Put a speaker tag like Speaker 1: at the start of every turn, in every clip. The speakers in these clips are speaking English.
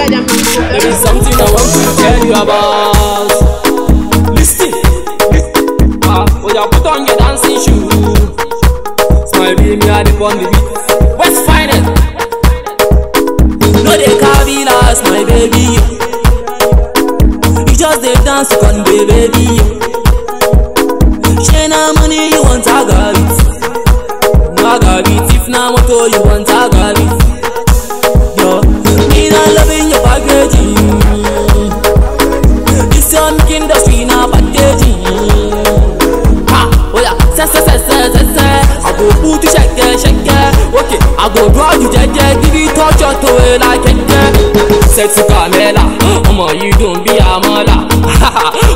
Speaker 1: There is
Speaker 2: something I want to tell you about. Listen. Ah, well, you put on your dancing shoes. Smile, be me, I dip on the beat. What's finest? No, they can't be last, my baby. You just they dance to the baby. Share now money, you want, a got No, I got it. If now, what do you want, a got sexy Pamela ọmọ yìí dùn bí àmọ́là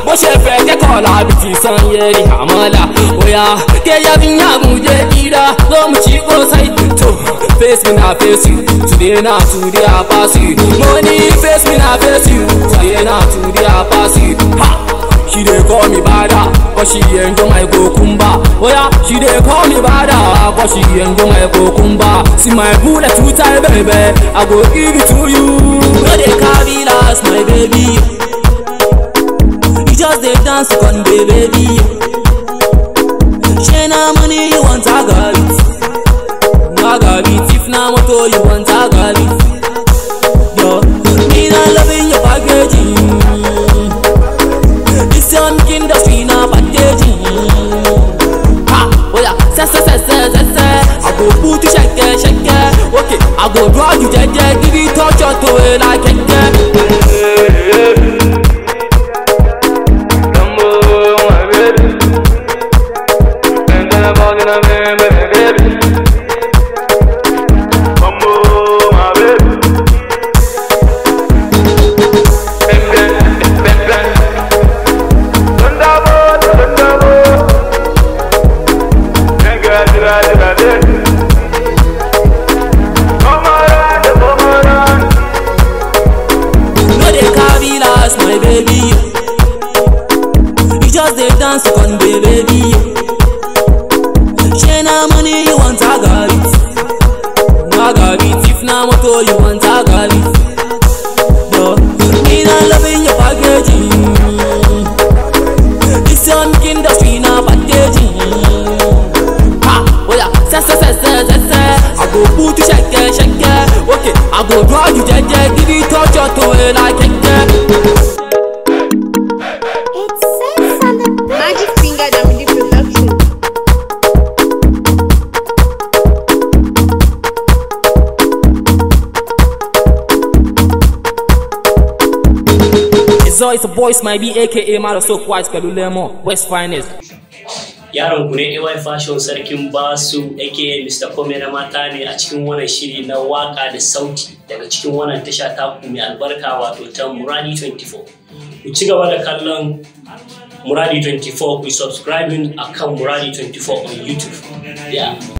Speaker 2: bó ṣe fẹ́ kẹ́kọ̀ọ́ lábí ti Sanyeri àmọ́là Oya, kéyà fi ń yàgùn jẹ́ kíra lọ́mú tí kò sáì tó face me na face you today na today I pass you mo ní face me na face you today na today I pass you. Ha! she dey call me bada but she dey enjoy my cucumber oya she dey call me bada cause she ain't gonna go come See my bullet two time, baby, I go give it to you. No, they can't be last, my baby. You just they dance on baby, baby. Share money, you want, I got it. I got it. If now, what you want, I got it. Okay, I go draw you jeje, give you torture to it like a yeah. Baby, baby, baby. one second, baby. Share now money you want, a got No I If now motor you want, a got No, But you mean I'm loving your packaging. This young industry now packaging. Ha, well, oh yeah, say, say, say, say, say, say. I go put you shake, shake. Okay, I go draw you, yeah, yeah. Give you touch your toe eh, like. zo all, it's a voice my be aka Mara So Quiet Kalulemo West Finest.
Speaker 1: Yaron ku ne AY Fashion Sarkin Basu aka Mr. Kome na mata ne a cikin wannan shiri na waka da sauti daga cikin wannan tasha ta mai albarka wato ta Muradi 24. Ku ci gaba da kallon Muradi 24 ku subscribing akan Muradi 24 on YouTube. Yeah.